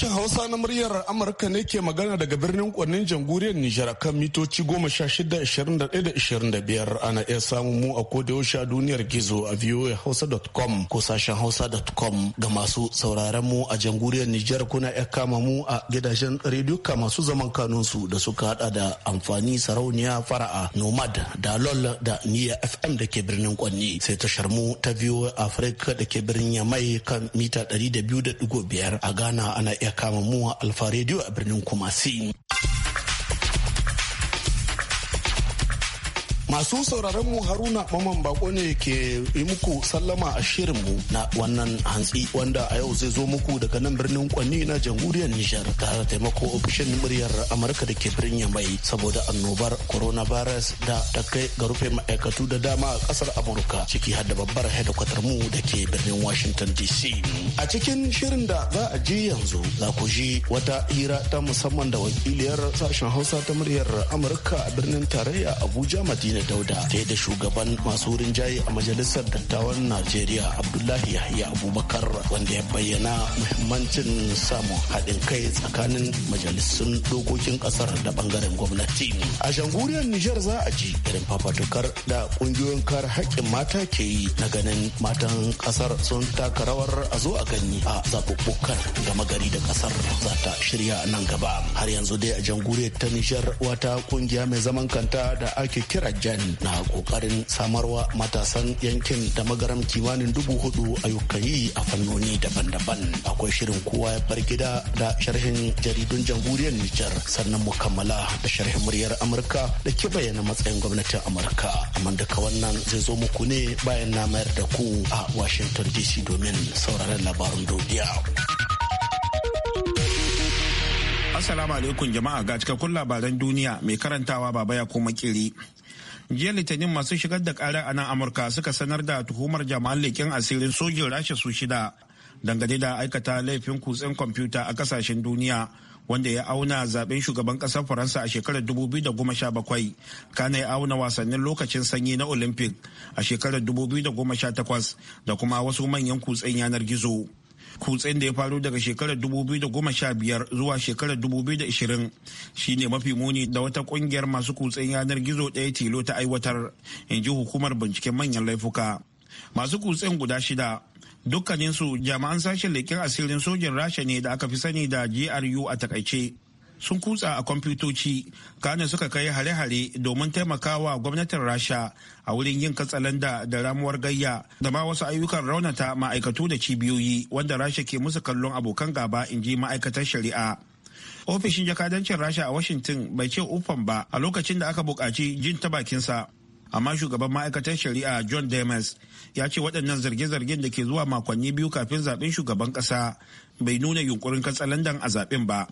Sashen Hausa na muryar Amurka ne ke magana daga birnin kwannin jamhuriyar Nijar kan mitoci 16-21-25 ana iya samun mu a kodayaushe a duniyar gizo a voahausa.com ko sashen hausa.com ga masu sauraron mu a jamhuriyar Nijar kuna iya kama mu a gidajen rediyoka masu zaman kanunsu da suka hada da amfani sarauniya fara'a nomad da lol da niya fm da ke birnin kwanni sai tashar mu ta voa africa da ke birnin yamai kan mita 200.5 a ghana ana iya iya kama mu a Alfa Radio a birnin Kumasi. Masu sauraron mu Haruna Maman Bako ne ke yi muku sallama a shirinmu na wannan hantsi wanda a yau zai zo muku daga nan birnin Kwanni na jamhuriyar Nijar Ta taimako ofishin muryar Amurka da ke birnin mai saboda annobar coronavirus da ta kai ga rufe ma'aikatu da dama a kasar Amurka ciki har da babbar hedikwatar mu da ke birnin Washington DC. A cikin shirin da za a ji yanzu za ku ji wata hira ta musamman da wakiliyar sashen Hausa ta muryar Amurka a birnin tarayya Abuja Madina da Dauda ta da shugaban masu rinjaye a majalisar dattawan Najeriya Abdullahi Yahya Abubakar wanda ya bayyana muhimmancin samun haɗin kai tsakanin majalisun dokokin ƙasar da ɓangaren gwamnati. A shanguriyar Nijar za a ji irin fafatukar da ƙungiyoyin kare haƙƙin mata ke yi na ganin matan ƙasar sun taka rawar a zo a gani a zaɓuɓɓukan gama gari da ƙasar za ta shirya nan gaba. Har yanzu dai a jamhuriyar ta Nijar wata ƙungiya mai zaman kanta da ake kira Tijani na kokarin samarwa matasan yankin da magaram kimanin dubu hudu ayyukan yi a fannoni daban-daban. Akwai shirin kowa ya bar gida da sharhin jaridun jamhuriyar Nijar sannan mu kammala da sharhin muryar Amurka da ke bayyana matsayin gwamnatin Amurka. Amma duka wannan zai zo muku ne bayan na mayar da ku a Washington DC domin sauraron labarun duniya. Assalamu alaikum jama'a ga cikakkun labaran duniya mai karantawa baba ya kuma kiri. jiya litinin masu shigar da kara a nan amurka suka sanar da tuhumar jama'an leƙen asirin sojin rasha su shida dangane da aikata laifin kutsen kwamfuta a kasashen duniya wanda ya auna zaben shugaban kasar faransa a shekarar 2017 kana ya auna wasannin lokacin sanyi na olympic a shekarar 2018 da kuma wasu manyan kutsen yanar gizo kutsen da ya faru daga shekarar 2015 zuwa shekarar 2020 shine mafi muni da wata kungiyar masu kutsen yanar gizo daya tilo ta aiwatar in ji hukumar binciken manyan laifuka masu kutsen guda shida dukkaninsu jami'an sashen leƙen asirin sojin rasha ne da aka fi sani da gru a takaice sun kutsa a kwamfutoci kana suka kai hare-hare domin taimakawa gwamnatin rasha a wurin yin katsalanda da ramuwar gayya da ma wasu ayyukan raunata ma'aikatu da cibiyoyi wanda rasha ke musu kallon abokan gaba in ji ma'aikatar shari'a ofishin jakadancin rasha a washington bai ce ufan ba a lokacin da aka buƙaci jin ta bakinsa amma shugaban ma'aikatar shari'a john demes ya ce waɗannan zarge-zargen da ke zuwa makonni biyu kafin zaɓen shugaban ƙasa bai nuna yunkurin katsalandan a zaɓen ba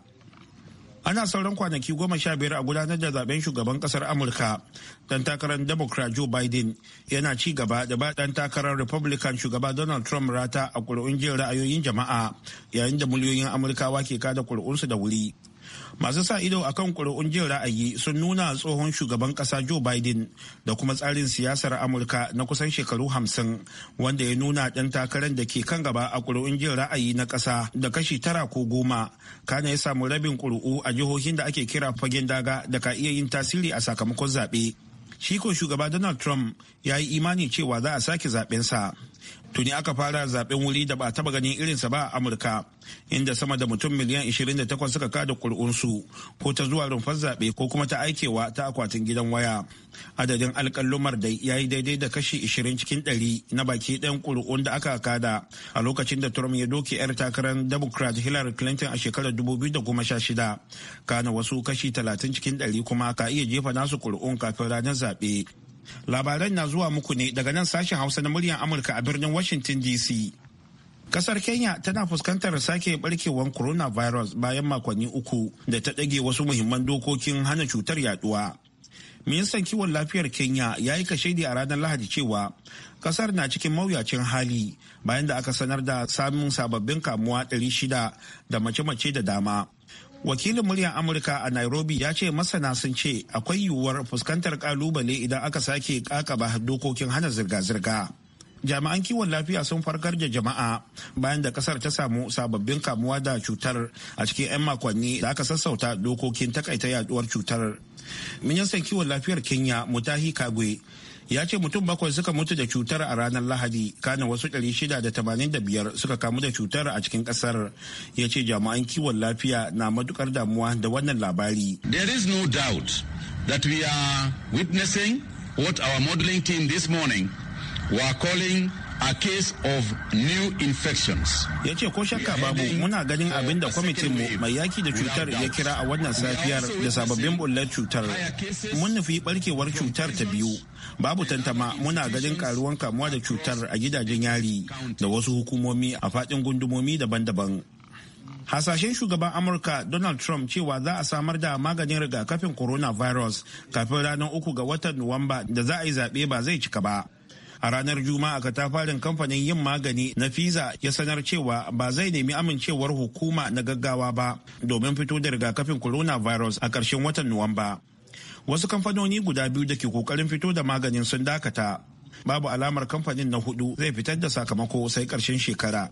ana sauran kwanaki goma sha biyar a gudanar da zaben shugaban kasar amurka dan takarar democrat joe biden yana ci gaba da ba dan takarar republican shugaba donald trump rata a kuri'un jin ra'ayoyin jama'a yayin da miliyoyin amurkawa ke kada kuri'unsu da wuri masu sa ido a kan ƙuri'un jin ra'ayi sun nuna tsohon shugaban ƙasa joe biden da kuma tsarin siyasar amurka na kusan shekaru hamsin wanda ya nuna ɗan takarar da ke kan gaba a ƙuri'un jin ra'ayi na ƙasa da kashi tara ko goma kana ya samu rabin kuri'u a jihohin da ake kira fagen daga da ka iya yin tasiri a sakamakon zaɓe shi ko shugaba donald trump ya yi imani cewa za a sake zaɓensa tuni aka fara zaben wuri da ba taba ganin irinsa ba a amurka inda sama da mutum miliyan 28 suka kada kur'unsu ko ta zuwa rumfar zaɓe ko kuma ta aikewa ta akwatin gidan waya adadin alƙalumar da ya yi daidai da kashi 20 cikin 100 na baki ɗan kur'un da aka kada a lokacin da trump ya doke 'yar takarar democrat hillary clinton a shekarar 2016 kana wasu kashi 30 cikin 100 kuma ka iya jefa nasu kur'un kafin ranar zaɓe Labaran na zuwa muku ne daga nan sashen Hausa na muryar Amurka a birnin Washington DC. Kasar Kenya tana fuskantar sake barkewar coronavirus bayan makonni uku da ta ɗage wasu muhimman dokokin hana cutar yaduwa. Ministan kiwon lafiyar Kenya ya yi kashedi a ranar Lahadi cewa kasar na cikin mawuyacin hali bayan da aka sanar da samun sababbin kamuwa 600 da mace-mace da dama. wakilin muryar amurka a nairobi ya ce masana sun ce akwai yiwuwar fuskantar kalubale idan aka sake kakaba dokokin hana zirga-zirga jami'an kiwon lafiya sun farkar da jama'a bayan da kasar ta samu sababbin kamuwa da cutar a cikin 'yan makonni da aka sassauta dokokin takaita yaduwar cutar ministan kiwon lafiyar kenya mutahi kagwe ya ce mutum bakwai suka mutu da cutar a ranar lahadi kana wasu 685 suka kamu da cutar a cikin kasar ya ce jami'an kiwon lafiya na matukar damuwa da wannan labari there is no doubt that we are witnessing what our modeling team this morning were calling a case of new infections. Ya ce ko shakka babu muna ganin uh, abin da kwamitin mu mai yaki da cutar ya kira a wannan safiyar da sababbin bullar cutar. Mun nufi barkewar cutar ta biyu. Babu tantama muna ganin karuwan kamuwa da cutar a gidajen yari da wasu hukumomi a fadin gundumomi daban-daban. hasashen shugaban amurka donald trump cewa za a samar da maganin rigakafin coronavirus kafin ranar uku ga watan nuwamba da za a yi zaɓe ba zai cika ba a ranar juma'a katafarin kamfanin yin magani na fiza ya sanar cewa ba zai nemi amincewar hukuma na gaggawa ba domin fito da rigakafin corona virus a ƙarshen watan nuwamba wasu kamfanoni guda biyu da ke kokarin fito da maganin sun dakata babu alamar kamfanin na hudu zai fitar da sakamako sai ƙarshen shekara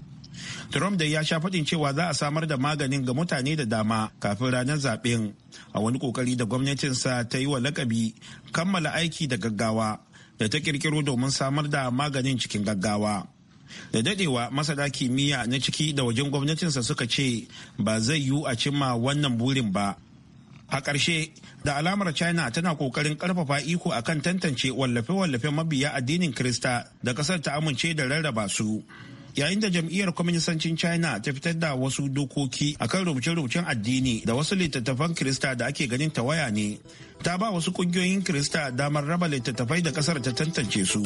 Trump dai ya sha faɗin cewa za a samar da maganin ga mutane da dama kafin ranar zaɓen a wani ƙoƙari da gwamnatinsa ta yi wa lakabi kammala aiki da gaggawa da ta kirkiro domin samar da maganin cikin gaggawa da dadewa masana kimiyya na ciki da wajen gwamnatinsa suka ce ba zai yiwu a cimma wannan burin ba a ƙarshe da alamar china tana ƙoƙarin ƙarfafa iko akan tantance wallafe-wallafe mabiya addinin krista da ƙasar ta amince da rarraba su yayin da jam'iyyar kwaminisancin china ta fitar da wasu dokoki akan rubuce-rubucen addini da wasu littattafan kirista da ake ganin ta waya ne ta ba wasu kungiyoyin kirista damar raba littattafai da kasar ta tantance su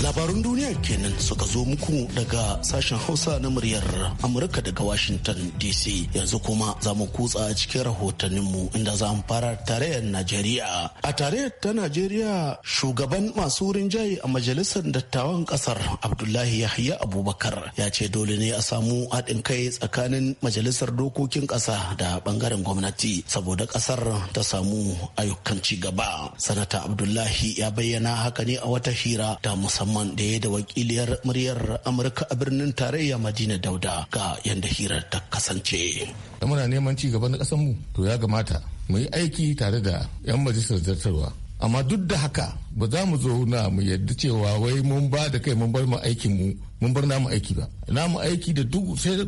labarun duniyar kenan suka zo muku daga sashen Hausa na muryar Amurka daga Washington DC. Yanzu kuma za mu kutsa cikin rahotanninmu inda za mu fara tarayyar Najeriya. A tarayyar ta Najeriya shugaban masu rinjaye a majalisar dattawan kasar Abdullahi Yahya Abubakar ya ce dole ne a samu haɗin kai tsakanin majalisar dokokin ƙasa da ɓangaren gwamnati saboda ƙasar ta samu ayyukan ci gaba. Sanata Abdullahi ya bayyana haka ne a wata hira da musamman da ya yi da wakiliyar muryar amurka a birnin tarayya madina dauda ga yadda hirar ta kasance muna neman ci gaba na mu to ya gamata mu yi aiki tare da 'yan majalisar zartarwa amma duk da haka ba za mu zo na mu yadda cewa wai mun ba da kai mun bar mu aikin mu mun bar namu aiki ba namu aiki da duk sai da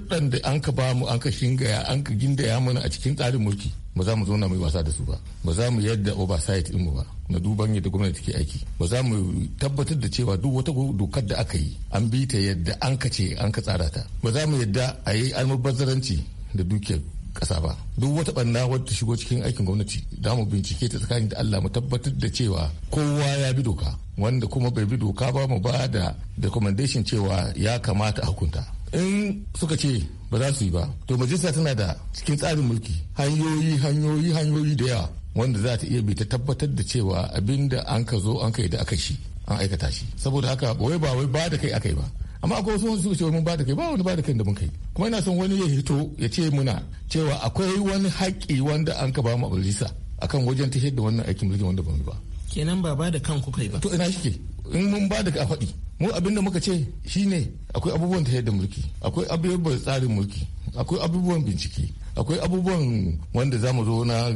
an ka ba mu an ka shingaya an ka gindaya mana a cikin tsarin mulki ba za mu zauna mai wasa da su ba ba za mu yadda oversight mu ba na duban yadda gwamnati ke aiki ba za mu tabbatar da cewa duk wata dokar da aka yi an bi ta yadda an ka ce an ka tsara ta ba za mu yadda a yi almubazzaranci da dukiyar kasa ba duk wata banna wadda shigo cikin aikin gwamnati za mu bincike ta tsakanin da Allah mu tabbatar da cewa kowa ya bi doka wanda kuma bai bi doka ba mu ba da recommendation cewa ya kamata a hukunta in suka ce ba za su yi ba to majalisa tana da cikin tsarin mulki hanyoyi hanyoyi hanyoyi da yawa wanda za ta iya bi ta tabbatar da cewa abin da an ka zo an kai da aka shi an aikata shi saboda haka wai ba wai ba da kai aka yi ba amma akwai wasu wasu suka ce mun ba da kai ba wani ba da kai da mun kai kuma ina son wani ya hito ya ce muna cewa akwai wani haƙƙi wanda an ka ba mu majalisa akan wajen tafiyar da wannan aikin mulki wanda ba mu ba kenan ba ba da kan ku kai ba to ina shi ke in mun ba da ka faɗi mu abin da muka ce shine akwai abubuwan ta da mulki akwai abubuwan tsarin mulki akwai abubuwan bincike akwai abubuwan wanda za mu zo na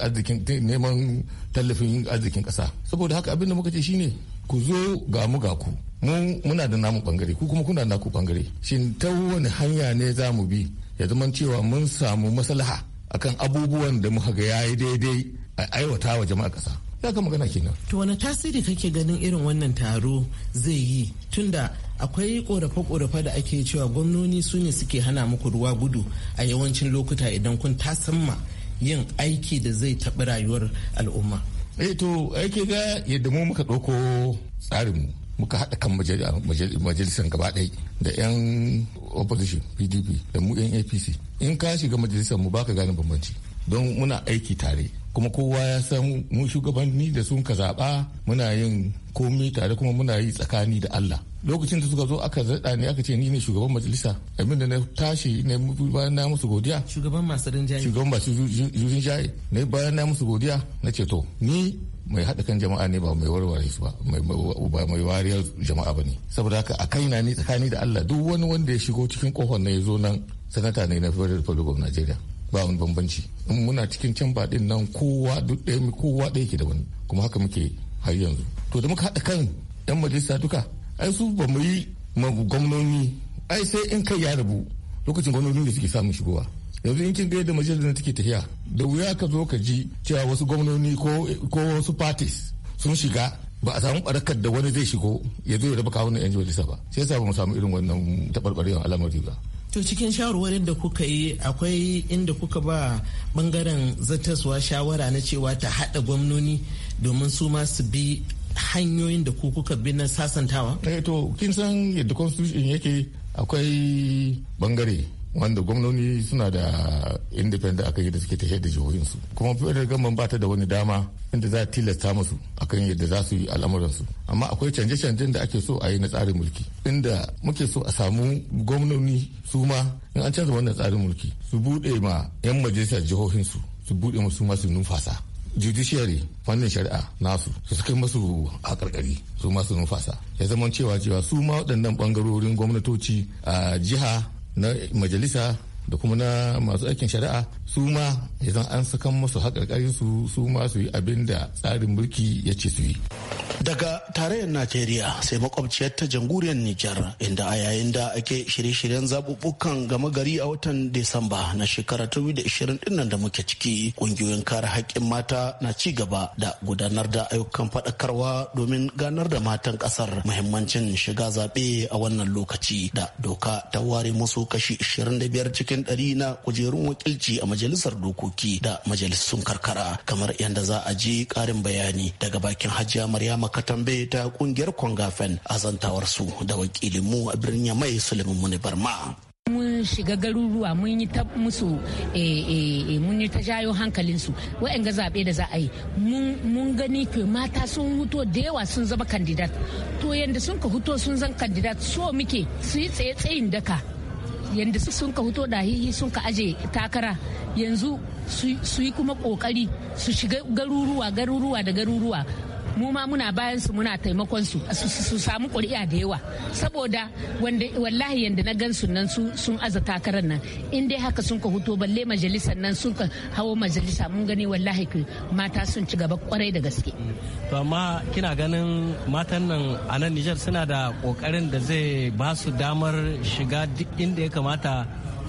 arzikin neman tallafin arzikin kasa. saboda haka abin da muka ce shine ku zo ga mu ga ku mu muna da namu bangare ku kuma kuna da naku bangare shin ta wani hanya ne za mu bi ya zama cewa mun samu masalaha akan abubuwan da muka ga yayi daidai a aiwata wa jama'a kasa. ya ga magana kenan to wani tasiri kake ganin irin wannan taro zai yi tunda akwai korafe-korafe da ake cewa gwamnoni su ne suke hana muku ruwa gudu a yawancin lokuta idan kun tasamma yin aiki da zai taɓi rayuwar al'umma eh to aiki ga yadda mu muka ɗauko tsarinmu muka haɗa kan majalisar gaba ɗai da 'yan opposition pdp da mu 'yan apc in ka shiga majalisar mu baka gane bambanci don muna aiki tare kuma kowa ya san mun shugabanni da sun ka zaɓa muna yin komai tare kuma muna yi tsakani da Allah lokacin da suka zo aka zaɗa ne aka ce ni ne shugaban majalisa abin da na tashi ne bayan na musu godiya shugaban masu rinjaye shugaban masu rinjaye ne bayan na musu godiya na ce to ni mai haɗa kan jama'a ne ba mai warware su ba mai wariyar jama'a ba ne saboda haka a kaina ne tsakani da Allah duk wani wanda ya shigo cikin kohon na ya zo nan sanata ne na federal republic of Nigeria ba wani bambanci in muna cikin can ba din nan kowa duk ɗaya kowa ɗaya ke da wani kuma haka muke har yanzu to da muka haɗa kan yan majalisa duka ai su ba mu yi gwamnoni ai sai in kai ya rabu lokacin gwamnoni da suke samun shigowa yanzu in kin ga yadda majalisar da take tafiya da wuya ka zo ka ji cewa wasu gwamnoni ko wasu parties sun shiga ba a samu barakar da wani zai shigo ya zo ya raba kawunan yan majalisa ba sai yasa ba mu samu irin wannan taɓarɓarewar al'amari ba to cikin shawarwarin da kuka yi akwai inda kuka ba bangaren zartaswa shawara na cewa ta haɗa gwamnoni domin su ma su bi hanyoyin da ku kuka bi na sasantawa? Eh to kin san yadda constitution yake akwai bangare wanda gwamnoni suna da independent akan yadda suke tafiyar da su kuma federal government ba ta da wani dama inda za a tilasta musu akan yadda za su yi al'amuransu amma akwai canje-canjen da ake so a yi na tsarin mulki inda muke so a samu gwamnoni su ma in an canza wannan tsarin mulki su bude ma 'yan majalisa jihohinsu su ma musu masu numfasa judiciary fannin shari'a nasu su suka masu a karkari su masu numfasa ya zama cewa cewa su ma waɗannan ɓangarorin gwamnatoci a jiha na majalisa da kuma na masu aikin shari'a su ma idan an sakan musu haƙarƙarin su su ma su yi abin da tsarin mulki ya ce su yi. Daga tarayyar Najeriya sai makwabciyar ta jamhuriyar Nijar inda a yayin da ake shirye-shiryen zaɓuɓɓukan gama gari a watan Disamba na shekarar 2020 dinnan da muke ciki ƙungiyoyin kare haƙƙin mata na ci gaba da gudanar da ayyukan faɗakarwa domin ganar da matan ƙasar muhimmancin shiga zaɓe a wannan lokaci da doka ta ware musu kashi 25 cikin cikin ɗari na kujerun wakilci a majalisar dokoki da majalisun karkara kamar yadda za a je ƙarin bayani daga bakin hajiya maryama katambe ta kungiyar kwangafen a su da wakilinmu a birnin mai suleiman muni barma mun shiga garuruwa mun yi ta musu eh, eh, eh, mun yi ta jayo hankalinsu wa'yan zaɓe da za a yi mun gani ke mata sun huto da yawa sun zama kandidat to yadda sun ka huto sun zan kandidat so muke su yi tsaye tsayin daka yadda su sun ka huto hihi sun ka aje takara yanzu su yi kuma kokari su shiga garuruwa garuruwa da garuruwa mu ma muna bayan su muna taimakon su su samu ƙuri'a da yawa saboda wanda wallahi yanda na gan su nan sun aza takarar nan in dai haka sun ka huto balle majalisar nan sun ka hawo majalisa mun gani wallahi mata sun ci gaba kwarai da gaske to amma kina ganin matan nan a nan Nijar suna da kokarin da zai ba su damar shiga duk inda ya kamata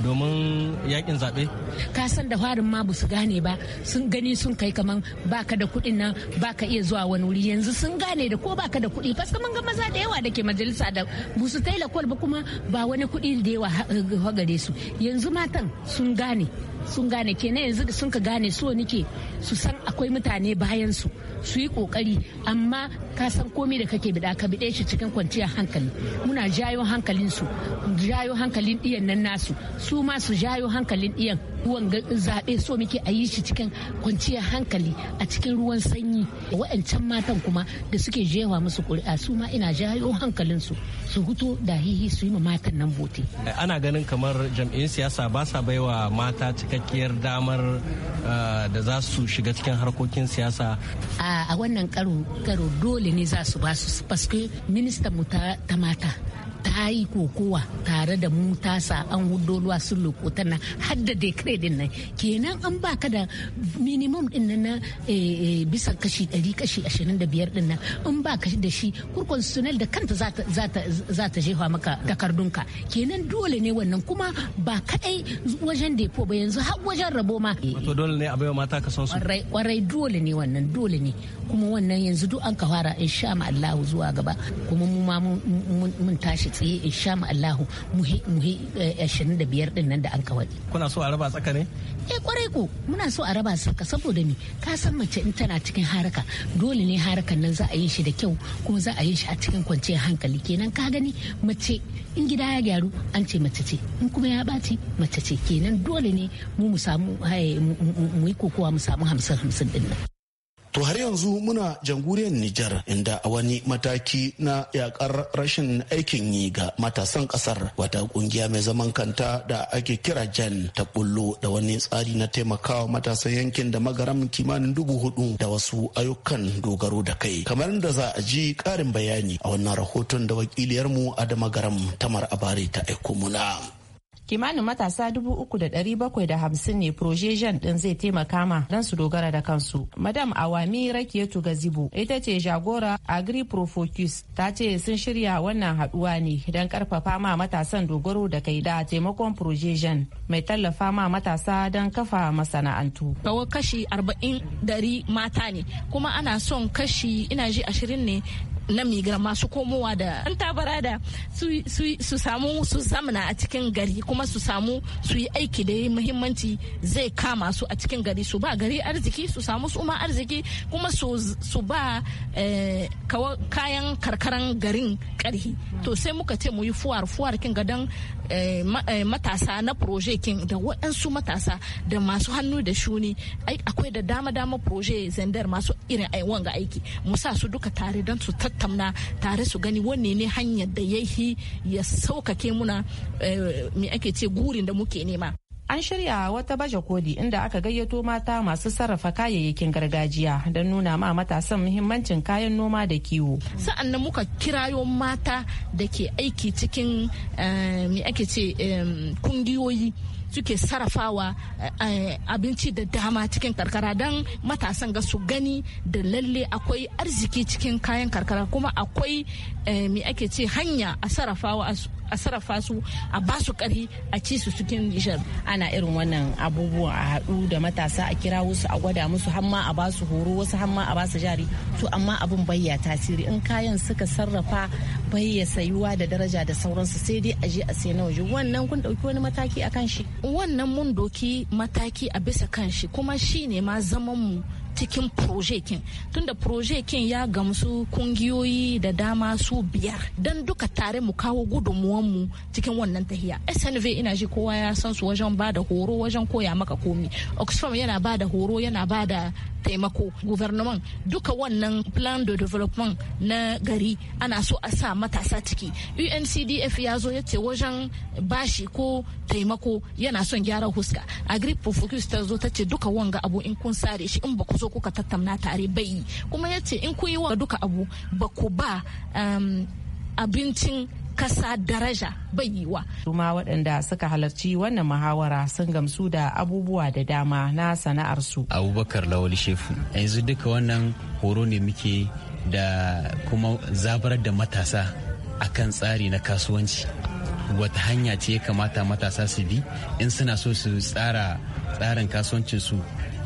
domin yakin zaɓe? ka san da farin ma ba su gane ba sun gani sun kai kaman baka da kuɗin nan baka iya zuwa wani wuri yanzu sun gane da ko baka da kuɗi faska kaman ga maza da yawa da ke majalisa da busu taila kwal ba kuma ba wani kuɗi da yawa gare su yanzu matan sun gane sun gane kenan yanzu sun ka gane so nike su san akwai mutane bayan su su yi kokari amma ka san komai da kake bida ka bide shi cikin kwanciyar hankali muna jayo hankalin su jayo hankalin diyan nan nasu su ma su jayo hankalin diyan ruwan zaɓe so muke a yi shi cikin kwanciyar hankali a cikin ruwan sanyi wa'ancan matan kuma da suke jewa musu ƙuri'a su ma ina jayo hankalin su su huto da hihi su yi ma matan nan bote ana ganin kamar jam'iyyun siyasa ba sa baiwa mata cikin cikakkiyar damar ah, da za su shiga cikin harkokin siyasa a wannan karo dole ne za su ba su paske ministan mu ta mata ta yi kokowa tare da mu ta sa an hudo ruwa sun lokota na har da din nan kenan an baka da minimum din na eh, eh, bisa kashi ɗari kashi ashirin da biyar din nan ba baka da shi sunel da kanta za ta jefa maka takardunka kenan dole ne wannan kuma ba kadai wajen depo ba yanzu har wajen rabo ma wato dole ne a baiwa mata ka son su kwarai dole ne wannan dole ne kuma wannan yanzu duk an ka fara insha Allah zuwa gaba kuma mu ma mun tashi tsaye in sha mu Allahu muhi eh, ashirin da biyar din nan da an kawai. Kuna so a raba tsaka Eh kwarai ko muna so a raba tsaka saboda me ka san mace in tana cikin haraka dole ne harakan nan za a yi shi da kyau kuma za a yi shi a cikin kwanciyar hankali kenan ka gani mace in gida ya gyaru an ce mace ce in kuma ya ɓaci mace ce kenan dole ne mu mu samu eh, mu yi kokowa mu samu hamsin hamsin din nan. To har yanzu muna jamhuriyar Nijar inda a wani mataki na yakar rashin aikin yi ga matasan kasar wata kungiya mai zaman kanta da ake kira Jan ta bullo da wani tsari na taimakawa matasan yankin da magaram kimanin dubu hudu da wasu ayyukan dogaro da kai. Kamar da za a ji karin bayani a wannan rahoton da wakiliyarmu Adama Garam Tamar Abari ta aiko muna. kimanin matasa dubu uku da ɗari bakwai da hamsin ne projejen din zai taimaka ma don su dogara da kansu. Madam Awami Rakiyatu gazibu ita ce jagora Agri Profocus ta ce sun shirya wannan haduwa ne don karfafa ma matasan dogaro da kai da taimakon projejen mai tallafa ma matasa don kafa masana'antu. Kawai kashi arba'in dari mata ne kuma ana son kashi ina ji ashirin ne na migra masu komowa da an tabara da su samu su zamana a cikin gari kuma su samu su yi aiki da ya muhimmanci zai kama su a cikin gari su ba gari arziki su samu su ma arziki kuma su ba eh, kayan karkaran garin karhi to sai muka ce mu yi fuwar fuwar kin gadon eh, eh, matasa na proje kin da waɗansu matasa da masu hannu da shuni akwai da dama dama proje zandar masu irin wanga aiki mu sa su duka tare don su tattauna tare su gani wanne ne hanyar da ya yi ya saukake muna eh, me ake ce gurin da muke nema an shirya wata baje kodi inda aka gayyato mata masu sarrafa kayayyakin gargajiya don nuna ma matasan muhimmancin kayan noma da kiwo sa'an nan muka kirayo mata da ke aiki cikin eh, me ake ce eh, kungiyoyi suke sarrafawa eh, abinci da dama cikin karkara don matasan ga su gani da lalle akwai arziki cikin kayan karkara kuma akwai Eh, me ake ce hanya a sarrafa su a ba su ƙarfi a ci su cikin nishar ana irin wannan abubuwa a haɗu da matasa a kira wasu a gwada musu hamma a ba su horo wasu hamma a ba su jari to amma abin bayya tasiri in kayan suka sarrafa bayya sayuwa da daraja da sauransu sai dai a je a sai na waje wannan kun ɗauki wani mataki a kan shi wannan mun doki mataki a bisa kan shi kuma shine ne ma zaman mu cikin projekin tunda projekin ya gamsu kungiyoyi da dama su biyar don duka tare mu kawo mu cikin wannan tahiya snv ina ji kowa ya san su wajen ba da horo wajen koya maka komi oxfam yana ba da horo yana ba da taimako guvernement duka wannan plan de development na gari ana so a sa matasa ciki uncdf ya zo ya ce wajen bashi ko taimako yana son gyara huska agri focus ta zo ta ce duka wanga abu in kun sare shi in ba ku zo kuka tattauna tare bai yi kuma yace in ku yi wa duka abu ba ku ba um, abincin kasa daraja bai yi wa. Suma waɗanda suka halarci wannan muhawara sun gamsu da abubuwa da dama na sana'arsu. Abubakar Lawal Shefu, yanzu duka wannan horo ne muke da kuma zabarar da matasa akan tsari na kasuwanci. Wata hanya ce ya kamata matasa su bi in suna so su tsara tsarin kasuwancinsu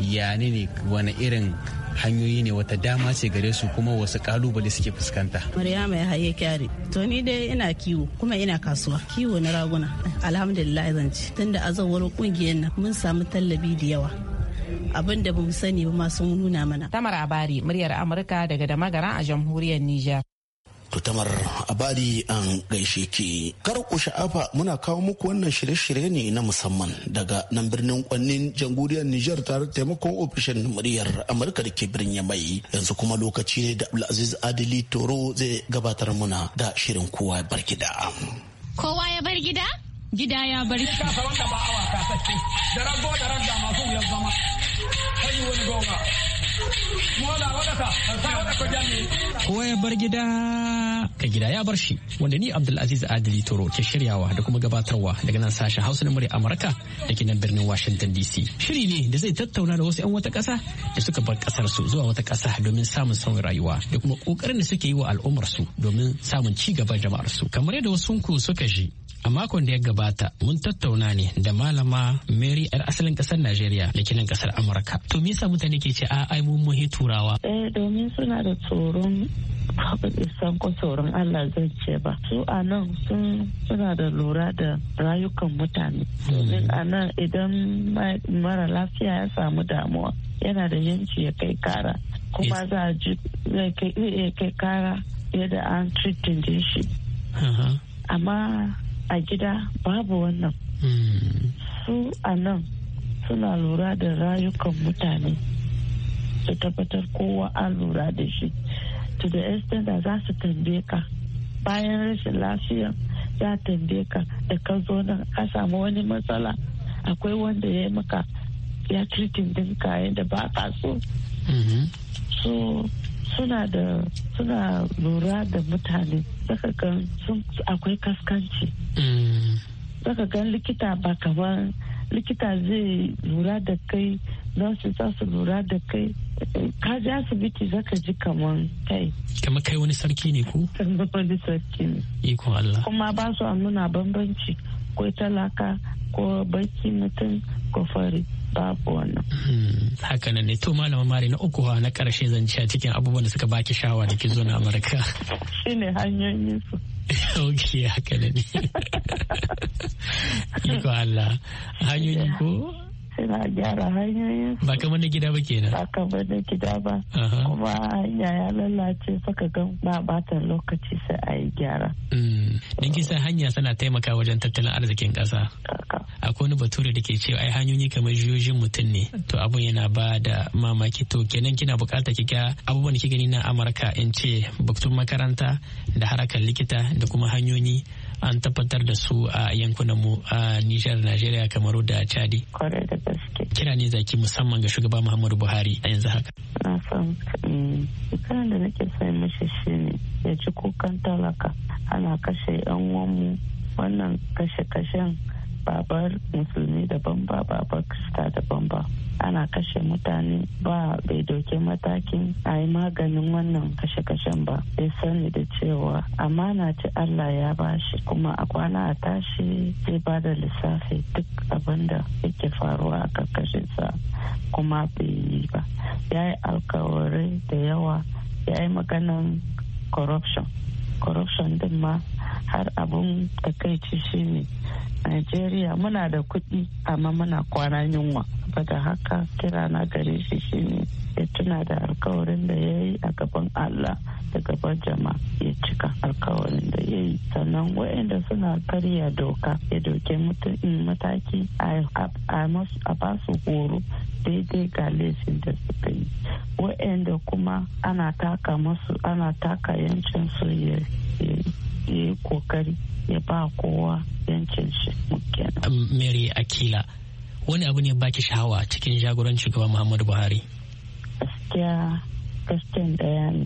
ya ne wani irin hanyoyi ne wata dama ce gare su kuma wasu kalubale suke fuskanta. Murya mai haye kyare To ni dai ina kiwo kuma ina kasuwa. Kiwo na raguna. Alhamdulillah zan Tunda a zawar kungiyar nan mun samu tallabi da yawa. Abin da bamu sani ba masu nuna mana. Tamar Abari, muryar Amurka daga Damagara a jamhuriyar niger. Tutamar Abadi an gaishe ke Kar ku sha'afa muna kawo muku wannan shirye-shirye ne na musamman daga nan birnin kwannin jamhuriyar Nijar ta taimakon ofishin muryar Amurka da ke birnin mai. Yanzu kuma lokaci ne da Abdulaziz Adili Toro zai gabatar muna da shirin kowa bar gida. Kowa ya bar gida? Gida ya bar gida. Ko ya bar gida ka gida ya bar shi wanda ni Abdulaziz Adili Toro ke shiryawa da kuma gabatarwa daga nan sashen Hausa na murya Amurka da ke nan birnin Washington DC. Shiri ne da zai tattauna da wasu 'yan wata ƙasa da suka bar ƙasar su zuwa wata ƙasa domin samun sauyin rayuwa da kuma ƙoƙarin da suke yi wa al'ummar su domin samun ci gaban jama'ar su. Kamar yadda wasu ku suka ji a makon da ya gabata mun tattauna ne da malama Mary yar asalin ƙasar Najeriya da nan ƙasar Amurka. To me yasa mutane ke ce a ai mun muhi turawa? Eh domin suna da tsoron isan kwaso tsoron Allah zai ce ba su a nan sun suna da lura da rayukan mutane domin hmm. a nan idan mara lafiya ya samu damuwa yana da yanci ya kai kara kuma za a ji zai kai kara yadda an treating din shi amma a gida babu wannan hmm. su a nan suna lura da rayukan mutane su tabbatar kowa an lura da shi to the extent da za su tambaye ka bayan rashin lafiya za tambaye ka da ka zo nan ka samu wani matsala akwai wanda ya yi maka ya treating dinka da ba ka so mm-hmm. so suna da suna lura da mutane zaka gan sun akwai kaskanci mm. zaka gan likita ba kamar likita zai lura da kai nurses za su lura da kai ka ji asibiti za ka ji kamar kai kamar kai wani sarki ne ko wani sarki ne ikon Allah kuma ba su nuna bambanci ko talaka ko baki mutum ko fari babu wannan. Hmm, haka nan ne to malama mari na uku na karshe ci a cikin abubuwan da suka baki shawa da ke zo na Amurka. Shine hanyoyin su. ok haka ne iko Allah hanyoyi ko suna gyara hanyoyin ba kamar na gida ba kenan ba kamar na gida ba kuma hanya ya lalace saka gan ba bata lokaci sai a yi gyara hmm. don kisa hanya suna taimaka wajen tattalin arzikin ƙasa akwai wani bature da ke cewa ai hanyoyi kamar jiyoyin mutum ne to abun yana ba da mamaki to kenan kina bukata ga abubuwan da ki gani na amurka in ce batun makaranta da harakar likita da kuma hanyoyi an tabbatar da su a yankunan mu a Nijar, Najeriya, Kamaru da Chadi. Kwarai da gaske. Kira ne zaki musamman ga shugaba Muhammadu Buhari a yanzu haka. Na san eh, da nake sai mashi ne ya ci kukan talaka ana kashe 'yan uwanmu wannan kashe-kashen babar musulmi daban ba babar krista daban ba ana kashe mutane ba bai doke matakin a yi maganin wannan kashe-kashen ba bai sani da cewa amana ci allah ya bashi kuma a kwana a tashi zai ba da lissafi duk abin da yake faruwa a sa kuma bai yi ba ya yi alkawarai da yawa ya yi maganin corruption corruption din ma har abun takaici shine Najeriya muna da kuɗi amma muna kwana yunwa. ba da haka kira na gare shi shine ya tuna da alkawarin da ya yi a gaban Allah da gaban jama'a ya cika alkawarin da ya yi. Sannan waɗanda suna karya doka ya doke mm, mataki a ba su horo daidai ga laifin da suka yi. Waɗanda kuma ana taka masu ana taka yancin soyayya ya yi kokari ya ba kowa yancin shi mary akila wani abu ne baki sha'awa cikin jagorancin gaba muhammadu buhari gaskiya gaskiyan daya ne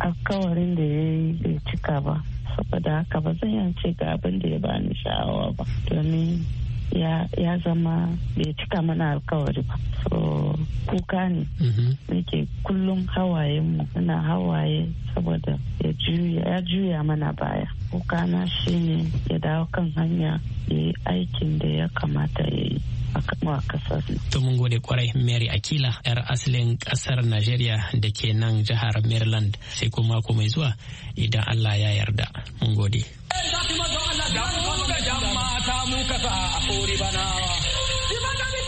alkawarin da ya yi cika ba saboda haka ba zan yance ga abin da ya bani sha'awa ba domin ya zama bai cika mana alkawari ba so kuka ne mhm. nake kullum hawaye mu muna hawaye saboda ya juya mana baya kuka na shine ya dawo kan hanya ya yi aikin da ya kamata ya yi To mun gode kwarai Mary Akila, 'yar asalin kasar Najeriya da ke nan jihar Maryland sai kuma mako mai zuwa idan Allah ya yarda. Mun gode.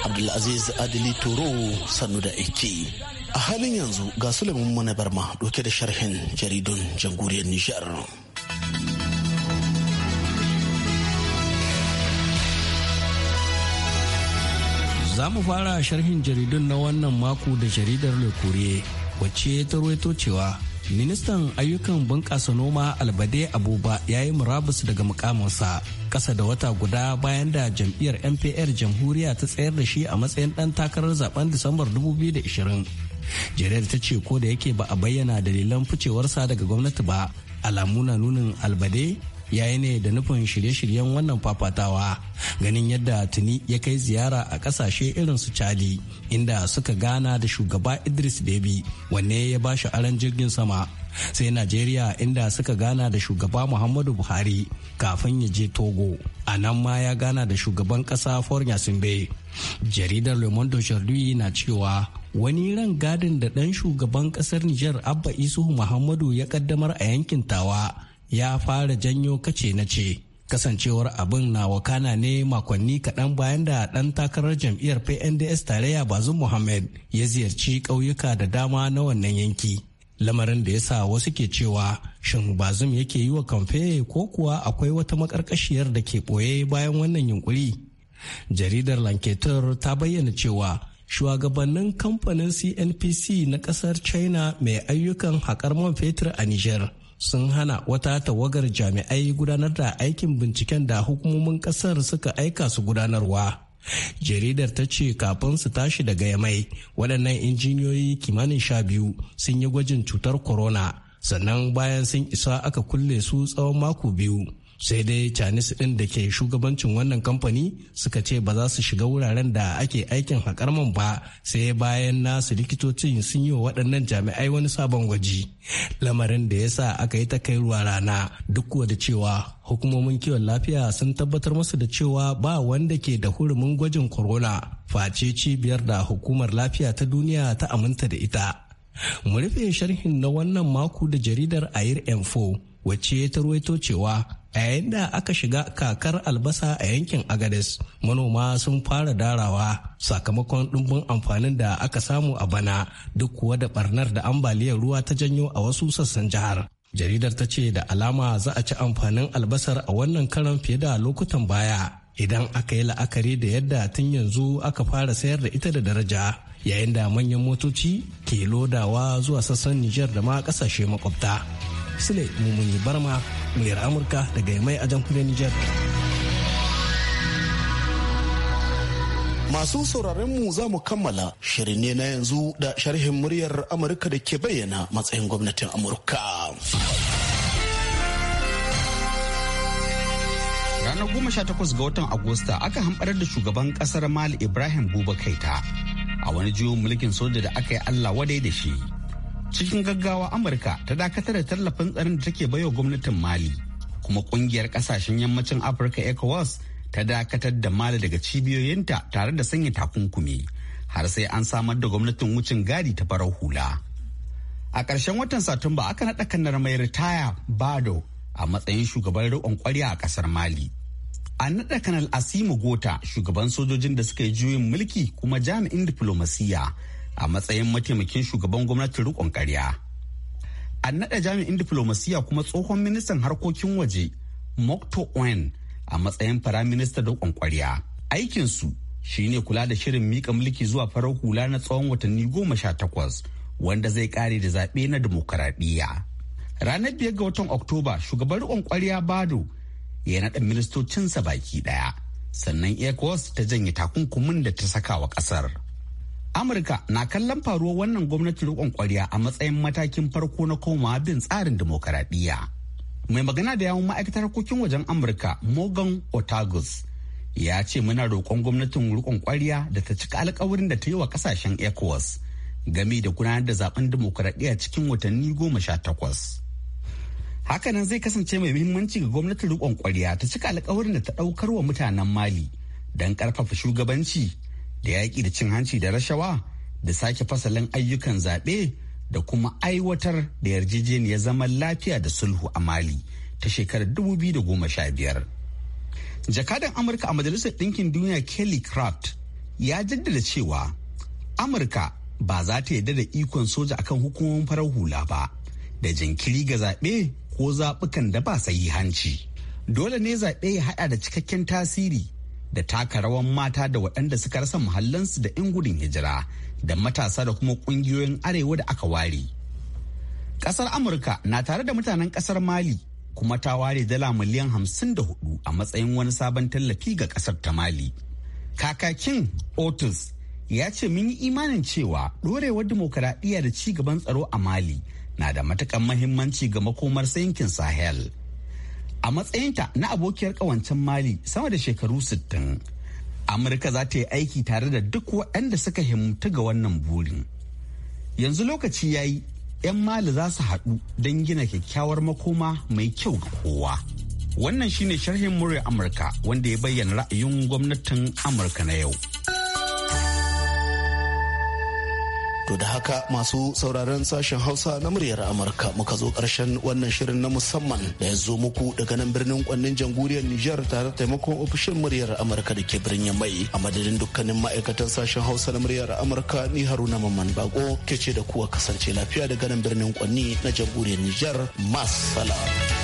Abdulaziz Adili Toro sannu da aiki. A halin yanzu ga Suleiman Mana Barma doke da sharhin jaridun jamhuriyar Nijar. Za mu fara sharhin jaridun na wannan mako da jaridar Le wacce ta ruwaito cewa ministan ayyukan bunƙasa noma albade abuba ya yi murabus daga mukaminsa ƙasa da wata guda bayan da jam'iyyar mpr jamhuriya ta tsayar da shi a matsayin ɗan takarar zaben disambar 2020 jerel ta ce ko da yake ba a bayyana dalilan ficewarsa daga gwamnati ba alamu na nunin albade yayi ne da nufin shirye-shiryen wannan fafatawa ganin yadda tuni ya kai ziyara a kasashe irin su chadi inda suka gana da shugaba idris debi wanne ya ba shi aron jirgin sama sai najeriya inda suka gana da shugaba muhammadu buhari kafin ya je togo a nan ma ya gana da shugaban kasa fornya simbe jaridar le monde na cewa wani ran gadin da ɗan shugaban ƙasar Nijar Abba Isu Muhammadu ya kaddamar a yankin Tawa ya fara janyo kace na ce kasancewar abin na wakana ne makonni kaɗan bayan da ɗan takarar jam'iyyar pnds tarayya bazum muhammad ya ziyarci ƙauyuka da dama na wannan yanki lamarin da ya sa wasu ke cewa shin bazum yake yi wa kamfe ko kuwa akwai wata makarkashiyar da ke ɓoye bayan wannan yunkuri jaridar Lanketur ta bayyana cewa shugabannin kamfanin cnpc na ƙasar china mai ayyukan haƙar man fetur a niger sun hana wata tawagar jami'ai gudanar da aikin binciken da hukumomin kasar suka aika su gudanarwa jaridar ta ce kafin su tashi daga yamai waɗannan injiniyoyi kimanin sha biyu sun yi gwajin cutar corona sannan bayan sun isa aka kulle su tsawon mako biyu sai dai chinese ɗin da ke shugabancin wannan kamfani suka ce ba za su shiga wuraren da ake aikin haƙar man ba sai bayan nasu likitocin sun yi wa waɗannan jami'ai wani sabon gwaji lamarin da ya sa aka yi ta kai ruwa rana duk da cewa hukumomin kiwon lafiya sun tabbatar masu da cewa ba wanda ke da hurumin gwajin corona face cibiyar da hukumar lafiya ta duniya ta aminta da ita mu rufe sharhin na wannan mako da jaridar air info wacce ya tarwaito cewa a yayin da aka shiga kakar albasa a yankin agades manoma sun fara darawa sakamakon ɗumbin amfanin da aka samu a bana duk kuwa da barnar da ambaliyar ruwa ta janyo a wasu sassan jihar jaridar ta ce da alama za a ci amfanin albasar a wannan karan fiye da lokutan baya idan aka yi la'akari da yadda tun yanzu aka fara sayar da ita da daraja yayin da manyan motoci ke lodawa zuwa sassan Nijar da ma kasashe makwabta. Sule yi Barma, muliyar Amurka daga Yamai a jamhuriyar Nijar. Masu sauraron mu za mu kammala shirin ne na yanzu da sharhin muryar Amurka da ke bayyana matsayin gwamnatin Amurka. Ranar goma sha takwas ga watan Agusta aka hamɓarar da shugaban ƙasar Mali Ibrahim Buba Kaita a wani juyin mulkin soja da aka yi Allah wadai da shi. cikin gaggawa amurka ta dakatar da tallafin tsarin da take baiwa gwamnatin mali kuma kungiyar kasashen yammacin afirka ecowas ta dakatar da mali daga cibiyoyinta tare da sanya takunkumi har sai an samar da gwamnatin wucin gadi ta farar hula a ƙarshen watan satumba aka naɗa kanar mai ritaya bado a matsayin shugaban riƙon ƙwarya a ƙasar mali an naɗa kanal asimu gota shugaban sojojin da suka yi juyin mulki kuma jami'in diflomasiyya a matsayin mataimakin shugaban gwamnatin rikon karya. An naɗa jami'in diflomasiya kuma tsohon ministan harkokin waje Mokto Owen a matsayin firaminista rikon kwarya. Aikinsu shi ne kula da shirin mika mulki zuwa farar hula na tsawon watanni goma sha takwas wanda zai kare da zaɓe na demokaradiyya. Ranar biyar ga watan Oktoba shugaban rikon kwarya Bado ya naɗa ministocinsa baki ɗaya. Sannan ECOWAS ta janye takunkumin da ta saka wa ƙasar. Amurka na kallon faruwar wannan gwamnatin rikon kwariya a matsayin matakin farko na koma bin tsarin demokaradiyya. Mai magana da yawun ma'aikatar harkokin wajen Amurka Morgan Otagus ya ce muna roƙon gwamnatin rikon kwariya da ta cika alkawarin da ta yi wa kasashen ECOWAS game da gudanar da zaben demokaradiyya cikin watanni goma sha takwas. Hakanan zai kasance mai muhimmanci ga gwamnatin rikon kwariya ta cika alkawarin da ta ɗaukar wa mutanen Mali don ƙarfafa shugabanci da yaƙi da cin hanci da rashawa da sake fasalin ayyukan zaɓe da kuma aiwatar da yarjejeniyar zaman lafiya da sulhu a mali ta shekarar 2015 jakadan amurka a majalisar ɗinkin duniya kelly craft ya jaddada cewa amurka ba za ta yarda da ikon soja akan hukumomin farar hula ba da jinkiri ga zaɓe ko zaɓukan da ba sayi hanci dole ne zaɓe ya haɗa da cikakken tasiri da taka rawan mata da waɗanda suka rasa muhallansu da 'yan gudun hijira da matasa da kuma ƙungiyoyin arewa da aka ware. Ƙasar Amurka na tare da mutanen ƙasar Mali kuma ta ware dala miliyan hamsin da hudu a matsayin wani sabon tallafi ga ƙasar ta Mali. Kakakin Otis ya ce mun yi imanin cewa ɗorewar dimokuraɗiyya da ci gaban tsaro a Mali na da matuƙar mahimmanci ga makomar yankin Sahel. a matsayinta na abokiyar kawancin mali sama da shekaru 60 amurka za ta yi aiki tare da duk waɗanda suka himta ga wannan burin yanzu lokaci ya yi 'yan mali za su haɗu don gina kyakkyawar makoma mai kyau ga kowa wannan shine sharhin murya amurka wanda ya bayyana ra'ayin gwamnatin amurka na yau. To da haka masu sauraron sashen Hausa na muryar Amurka muka zo ƙarshen wannan shirin na musamman da ya zo muku daga nan birnin kwannin jamhuriyar Nijar tare da taimakon ofishin muryar Amurka da ke birnin Mai a madadin dukkanin ma'aikatan sashen Hausa na muryar Amurka ni Haruna Mamman Bako ke ce da kuwa kasance lafiya daga nan birnin kwanni na jamhuriyar Nijar. Masala.